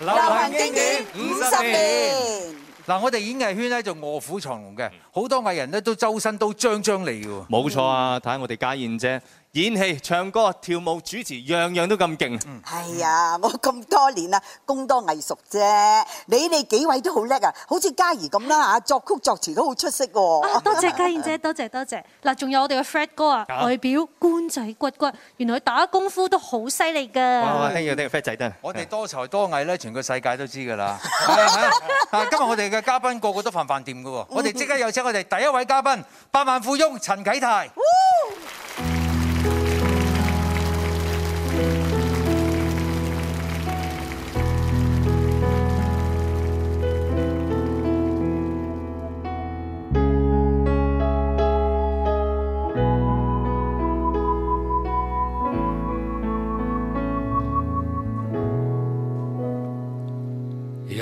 流行經典五十年。嗱，我哋演藝圈咧就臥虎藏龍嘅，好多藝人咧都周身刀張張利嘅喎。冇錯啊，睇下我哋家燕姐。演戲、唱歌、跳舞、主持，樣樣都咁勁。係、哎、呀，我咁多年啦，工多藝熟啫。你哋幾位都好叻啊，好似家燕咁啦嚇，作曲作詞都好出色喎。多謝家燕姐，多謝多謝。嗱，仲有我哋嘅 Fred 哥啊，外表官仔骨骨，原來打功夫都好犀利㗎。聽 Fred 仔得。我哋多才多藝咧，全個世界都知㗎啦。係 咪今日我哋嘅嘉賓個個都凡凡掂㗎喎。我哋即刻有請我哋第一位嘉賓，百萬富翁陳啟泰。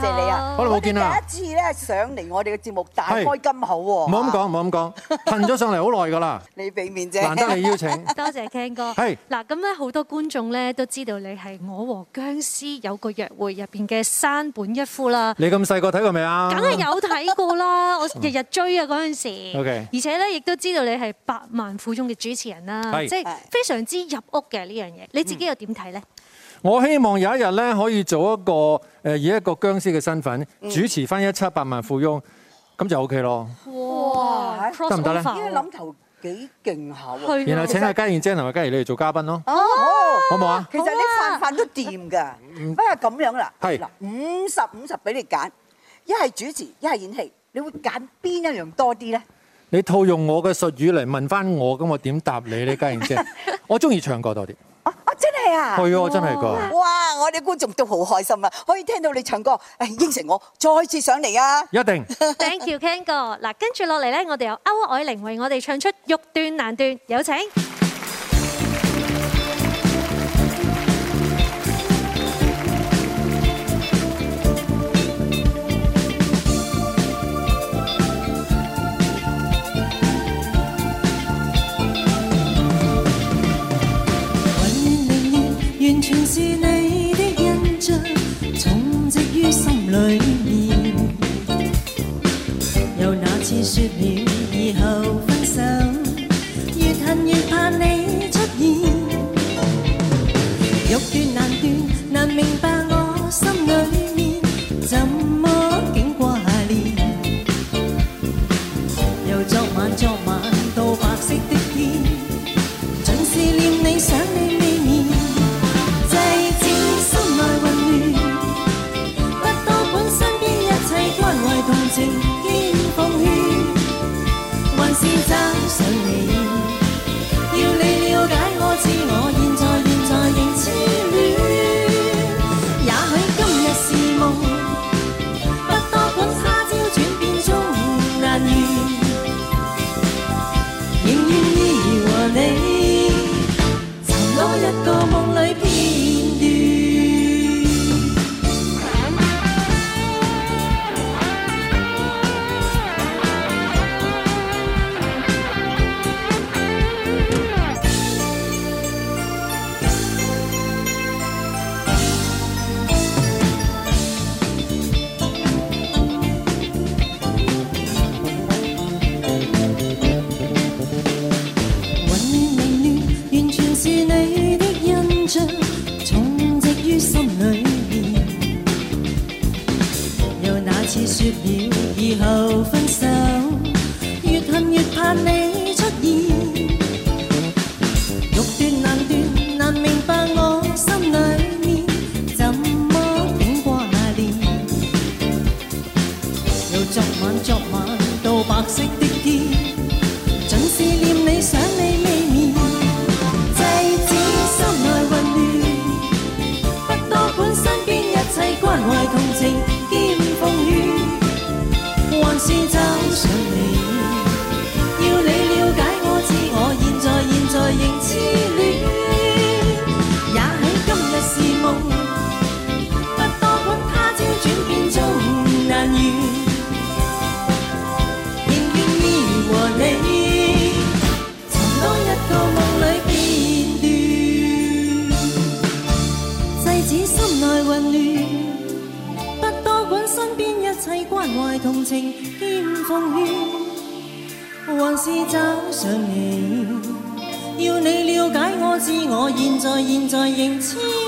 多謝你啊！好耐冇見啦！第一次咧上嚟我哋嘅節目打開金口喎、啊！唔好咁講，唔好咁講，騰咗 上嚟好耐噶啦！你俾面啫，難得你邀請，多謝 Ken 哥。係嗱，咁咧好多觀眾咧都知道你係《我和僵屍有個約會》入邊嘅山本一夫啦。你咁細個睇過未啊？梗係有睇過啦！ 我日日追啊嗰陣時。OK。而且咧亦都知道你係百萬富翁嘅主持人啦，即係、就是、非常之入屋嘅呢樣嘢。你自己又點睇咧？嗯我希望有一日咧，可以做一個誒以一個僵屍嘅身份、嗯、主持翻一七百萬富翁，咁就 OK 咯。哇，得唔得咧？呢個諗頭幾勁下喎！然後請阿家燕姐同埋嘉怡你嚟做嘉賓咯。哦，好、哦，好唔好啊？其實你飯飯都掂㗎。嗯、啊。不過咁樣啦。係。五十五十俾你揀，一係主持，一係演戲，你會揀邊一樣多啲咧？你套用我嘅術語嚟問翻我，咁我點答你呢？家燕姐， 我中意唱歌多啲。真係啊！係哦，真係噶！哇，我哋觀眾都好開心啊，可以聽到你唱歌，應承我再次上嚟啊！一定。 Thank you，Ken 哥。嗱，跟住落嚟咧，我哋由區靄玲為我哋唱出《欲斷難斷》，有請。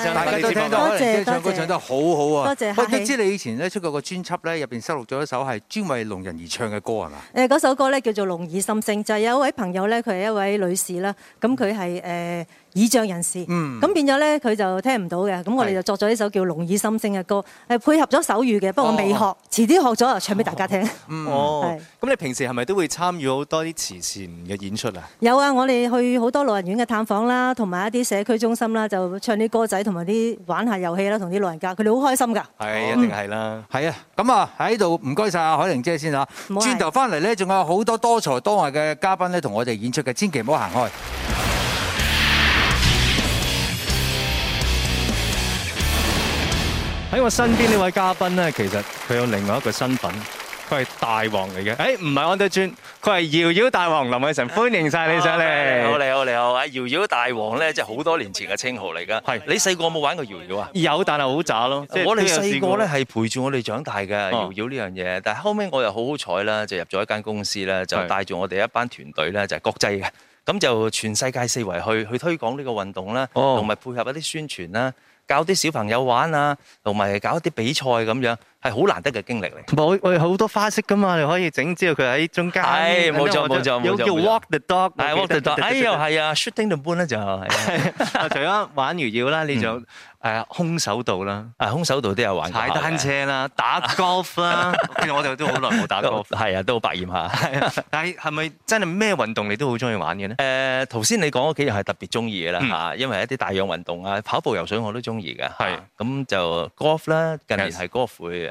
是大家都聽到，你啲唱歌唱得好好啊！多謝。我知你以前咧出過個專輯咧，入邊收錄咗一首係專為聾人而唱嘅歌的，係嘛？誒，嗰首歌咧叫做《聾耳心聲》，就係、是、有一位朋友咧，佢係一位女士啦，咁佢係誒。呃耳障人士，咁、嗯、變咗咧，佢就聽唔到嘅。咁我哋就作咗呢首叫《龍耳心聲》嘅歌，係配合咗手語嘅。不過我未學，哦、遲啲學咗就唱俾大家聽。哦，咁、嗯、你平時係咪都會參與好多啲慈善嘅演出啊？有啊，我哋去好多老人院嘅探訪啦，同埋一啲社區中心啦，就唱啲歌仔同埋啲玩下遊戲啦，同啲老人家，佢哋好開心㗎。係，一定係啦。係、嗯、啊，咁啊喺度唔該晒。阿靄玲姐先嚇。轉頭翻嚟咧，仲有好多多才多藝嘅嘉賓咧，同我哋演出嘅，千祈唔好行開。喺我身邊呢位嘉賓咧，其實佢有另外一個身份，佢係大王嚟嘅。誒、哎，唔係安德尊，佢係搖搖大王林韋辰，歡迎晒你上嚟。Oh, right, right, right, right. 你好，嚟，好，嚟！啊，搖搖大王咧，即係好多年前嘅稱號嚟噶。你細個有冇玩過搖搖啊？有，但係好渣咯。我哋細個咧係陪住我哋長大嘅搖搖呢樣嘢，瑤瑤 uh. 但係後尾我又好好彩啦，就入咗一間公司啦，就帶住我哋一班團隊咧，就係、是、國際嘅，咁就全世界四圍去去推廣呢個運動啦，同、uh. 埋配合一啲宣傳啦。教啲小朋友玩啊，同埋搞一啲比賽咁樣。係好難得嘅經歷嚟，我我哋好多花式噶嘛，你可以整，哎，知道佢喺中間。係冇錯冇錯叫 walk the dog，唉，walk the dog。哎又係啊，shooting the moon 咧就，啊、 除咗玩搖搖啦，你就誒空手道啦，嗯、空手道都有玩。踩單車啦，打，啦打 golf 啦，其實 我哋都好耐冇打 golf，係 啊，都好百厭下。但係係咪真係咩運動你都好中意玩嘅咧？誒、呃，頭先你講嗰幾樣係特別中意嘅啦嚇，因為一啲大氧運動啊，跑步、游水我都中意嘅。係咁，嗯、就 golf 啦，近年係 golf 會、yes. 誒熱誒誒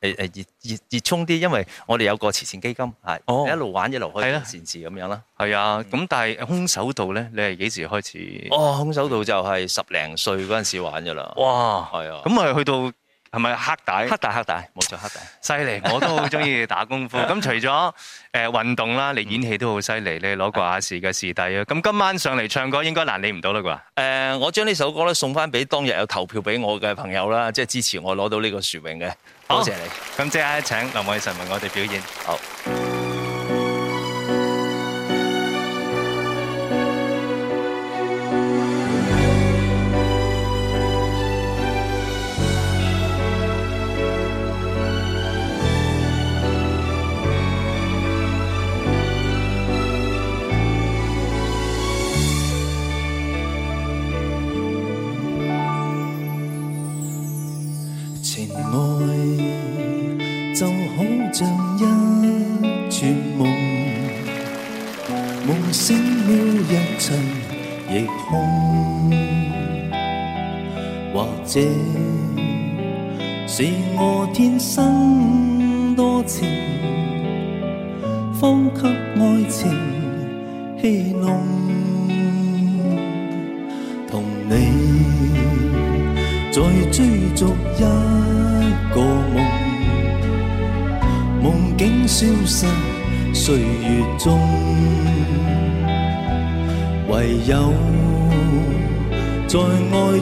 熱熱熱，熱衷啲，因為我哋有個慈善基金，係、哦、你一路玩一路去，以行善事咁樣啦。係啊，咁、啊嗯、但係空手道咧，你係幾時開始？哦，空手道就係十零歲嗰陣時玩嘅啦。哇！係啊，咁咪去到。係咪黑帶？黑帶黑帶，冇錯黑帶，犀利！我都好中意打功夫。咁 除咗誒運動啦，你演戲都好犀利，你攞過亞視嘅視帝啦。咁 今晚上嚟唱歌應該難理唔到啦啩？誒、呃，我將呢首歌咧送翻俾當日有投票俾我嘅朋友啦，即、就、係、是、支持我攞到呢個殊榮嘅。多謝你。咁即刻請林韋辰為我哋表演。好。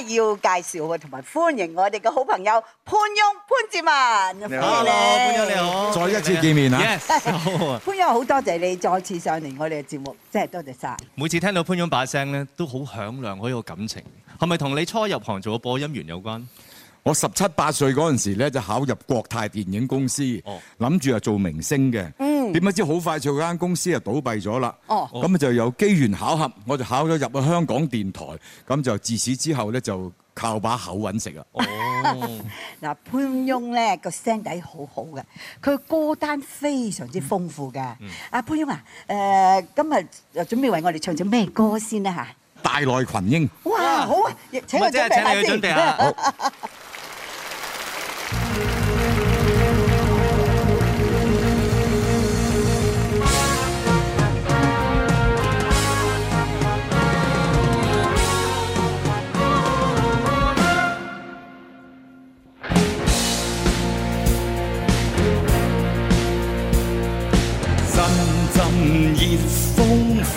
要介紹同埋歡迎我哋嘅好朋友潘翁。潘志文。你好，潘翁你好，再一次見面啊！yes，、no. 潘翁，好多謝你再次上嚟我哋嘅節目，真係多謝晒。每次聽到潘翁把聲咧，都好響亮，好有感情。係咪同你初入行做嘅播音員有關？我十七八歲嗰陣時咧，就考入國泰電影公司，諗住啊做明星嘅。Mm. 點、嗯、解知好快脆，間公司啊倒閉咗啦！哦，咁啊就由機緣巧合，我就考咗入去香港電台，咁就自此之後咧就靠把口揾食啦！哦，嗱 潘翁咧個聲底好好嘅，佢歌單非常之豐富嘅。阿、嗯嗯、潘翁啊，誒、呃、今日又準備為我哋唱咗咩歌先咧、啊、嚇？大內群英。哇，好啊！請佢準備下先。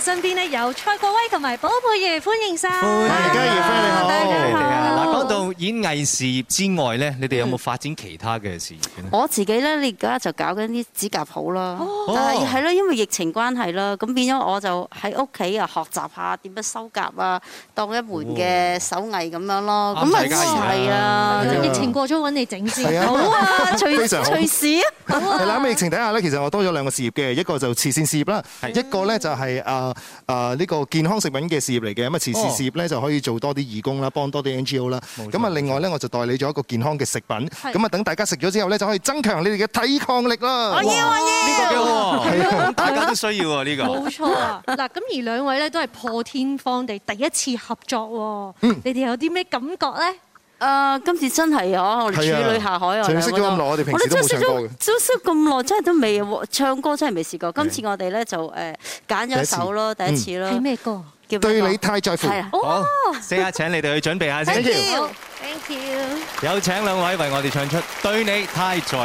身邊咧有蔡國威同埋寶珮如，歡迎晒，歡迎家業輝，你好，大家好。大家演藝事業之外咧，你哋有冇發展其他嘅事業呢？我自己咧，你而家就搞緊啲指甲舖好啦。哦，係咯，因為疫情關係啦，咁變咗我就喺屋企啊，學習下點樣收甲啊，當一門嘅手藝咁樣咯。啱、哦，家怡啊！係啊，疫情過咗揾你整先好啊，隨隨時啊，好啊！喺 疫情底下咧，其實我多咗兩個事業嘅，一個就慈善事業啦，一個咧就係啊啊呢個健康食品嘅事業嚟嘅。咁啊，慈善事業咧、哦、就可以做多啲義工啦，幫多啲 NGO 啦，咁另外咧，我就代理咗一個健康嘅食品，咁啊等大家食咗之後咧，就可以增強你哋嘅抵抗力啦。我要，我要，呢、呢個大家都需要啊，呢、呢個。冇 錯啊！嗱，咁而兩位咧都係破天荒地第一次合作喎、啊嗯。你哋有啲咩感覺咧？誒、呃，今次真係啊，我哋處女下海係啊，我哋識咗咁耐，我哋平時都唔多嘅。都識咗咁耐，真係都未唱歌，真係未試過、嗯。今次我哋咧就誒揀咗首咯，第一次咯，係、嗯、咩歌？對你太在乎。好，即刻請你哋去準備下先。Thank you，Thank you，有請兩位為我哋唱出《對你太在乎》。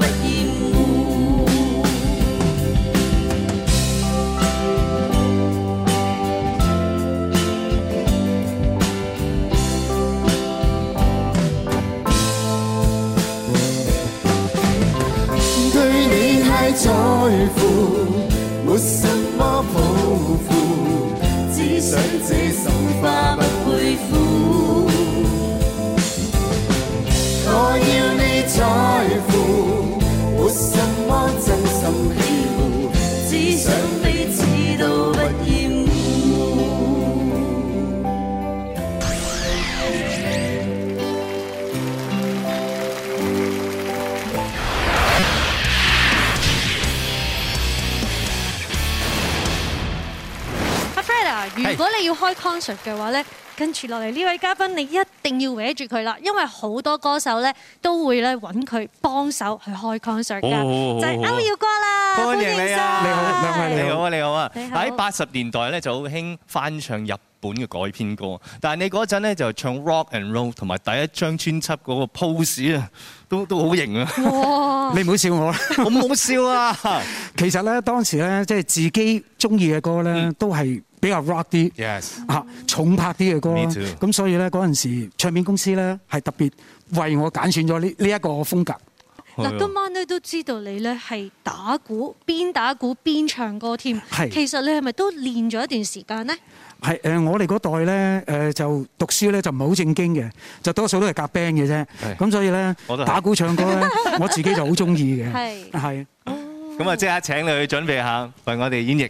如果你要開 concert 嘅話咧，跟住落嚟呢位嘉賓，你一定要歪住佢啦，因為好多歌手咧都會咧揾佢幫手去開 concert 嘅，oh、就係區耀哥啦。歡迎你啊，啊！你好，你好啊！你好啊！喺八十年代咧就好興翻唱日本嘅改編歌，但係你嗰陣咧就唱 rock and roll 同埋第一張專輯嗰個 pose 啊，都都好型啊！哇！ 你唔好笑我啦，好唔好笑啊？ 其實咧當時咧即係自己中意嘅歌咧都係。比較 rock 啲，嚇重拍啲嘅歌。咁所以咧，嗰陣時唱片公司咧係特別為我揀選咗呢呢一個風格。嗱，今晚咧都知道你咧係打鼓，邊打鼓邊唱歌添。係。其實你係咪都練咗一段時間咧、啊啊？係。誒，我哋嗰代咧，誒就讀書咧就唔係好正經嘅，就多數都係夾 band 嘅啫。咁所以咧，打鼓唱歌咧，我自己就好中意嘅。係。係。咁啊，即、啊啊、刻請你去準備下，為我哋演繹。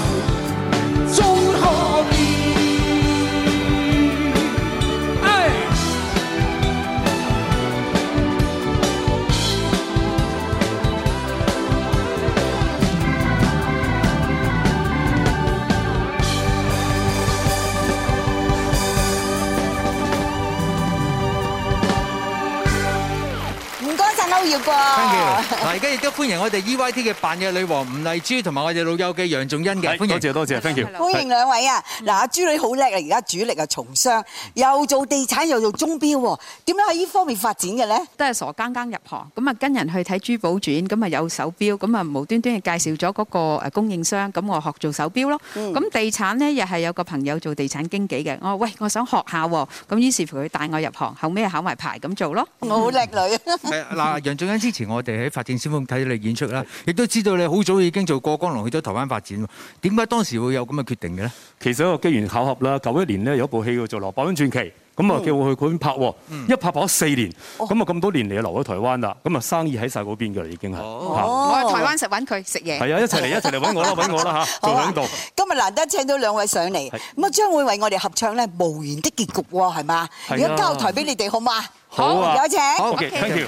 Thank you 歡迎。嗱，而家亦都歡迎我哋 EYT 嘅扮嘢女王吳麗珠同埋我哋老友嘅楊仲恩嘅。歡迎，多謝 Thank you. 多謝，歡迎。歡迎兩位啊！嗱，阿珠女好叻啊！而家主力啊，從商，又做地產又做鐘錶喎。點樣喺呢方面發展嘅咧？都係傻更更入行，咁啊跟人去睇珠寶展，咁啊有手錶，咁啊無端端介紹咗嗰個誒供應商，咁我學做手錶咯。咁、mm -hmm. 地產咧，又係有個朋友做地產經紀嘅，我喂我想學下喎，咁於是乎，佢帶我入行，後尾考埋牌咁做咯。我好叻女。嗱，楊之前我哋喺《法證先鋒》睇你演出啦，亦都知道你好早已經做過江龍去咗台灣發展，點解當時會有咁嘅決定嘅咧？其實一個機緣巧合啦，九一年咧有一部戲叫做《做羅百恩傳奇》，咁、嗯、啊叫我去嗰邊拍，嗯、一拍拍咗四年，咁啊咁多年嚟留咗台灣啦，咁啊生意喺晒嗰邊嘅已經係。哦哦哦我喺台灣食揾佢食嘢。係 啊，一齊嚟一齊嚟揾我啦，揾我啦吓，做兩度。今日難得請到兩位上嚟，咁啊將會為我哋合唱咧《無言的結局》係嘛？而家、啊、交台俾你哋好嗎？好，啊好啊，有請。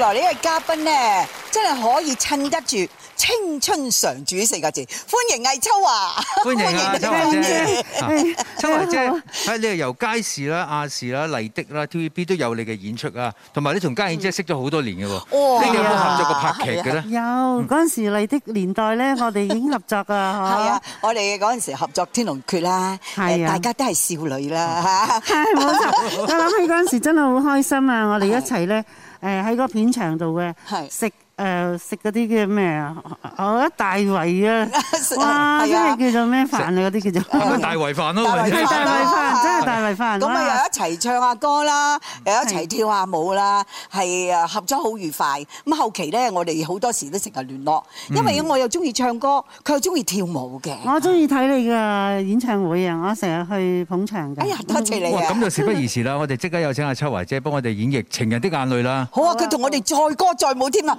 來，呢位嘉賓咧，真係可以襯得住青春常駐四個字。歡迎魏秋樺，歡迎秋華姐。秋華姐，睇你係由佳視啦、亞視啦、麗的啦、TVB 都有你嘅演出啊。同埋你同家燕姐識咗好多年嘅喎。哇！有冇合作過拍劇嘅咧？有嗰陣時麗的年代咧，我哋已經合作㗎嚇。係啊，我哋嗰陣時合作《天龍決》啦，誒，大家都係少女啦。係冇錯，我諗起嗰陣時真係好開心啊！我哋一齊咧。誒，喺個片場度嘅食。誒食嗰啲叫咩啊？哦，大圍啊！哇，嗰啲、啊、叫做咩飯， 飯，飯啊？嗰啲叫做大圍飯咯，係大圍飯，啊、真係大圍飯。咁啊，又一齊唱下歌啦，又、啊、一齊跳下舞啦，係啊，合作好愉快。咁、啊、後期咧，我哋好多時都成日聯絡，嗯、因，為因為我又中意唱歌，佢又中意跳舞嘅。我中意睇你嘅演唱會啊！我成日去捧場嘅。哎呀，多謝，謝你咁、啊嗯、就事不宜遲啦、啊，我哋即刻有請阿秋樺姐幫我哋演繹《情人的眼淚》啦。好啊！佢同、啊、我哋載歌載舞添啊！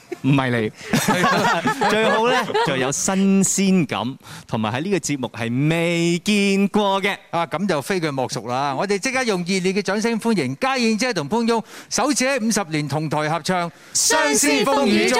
唔係你， 最好咧就有新鮮感，同埋喺呢個節目係未見過嘅、 啊，啊咁就非佢莫屬啦！我哋即刻用熱烈嘅掌聲歡迎家燕姐同潘庸首次喺五十年同台合唱《相思風雨中》。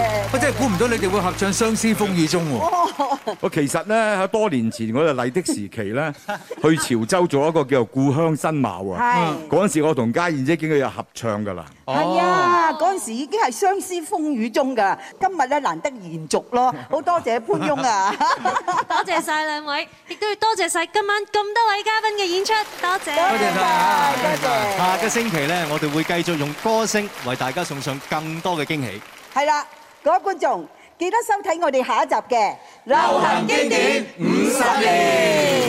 估唔到你哋會合唱《相思風雨中》喎、啊！我其實咧喺多年前，我就麗的時期咧，去潮州做一個叫做故鄉新貌喎。嗰、啊、時，我同家燕姐已經有合唱噶啦。係啊，嗰陣時已經係《相思風雨中》噶。今日咧，難得延續咯，好多謝潘翁啊！ 多謝晒兩位，亦都要多謝晒今晚咁多位嘉賓嘅演出，多謝多謝，繼續。下個星期咧，我哋會繼續用歌聲為大家送上更多嘅驚喜。係啦、啊。各位觀眾，記得收睇我哋下一集嘅《流行經典五十年》。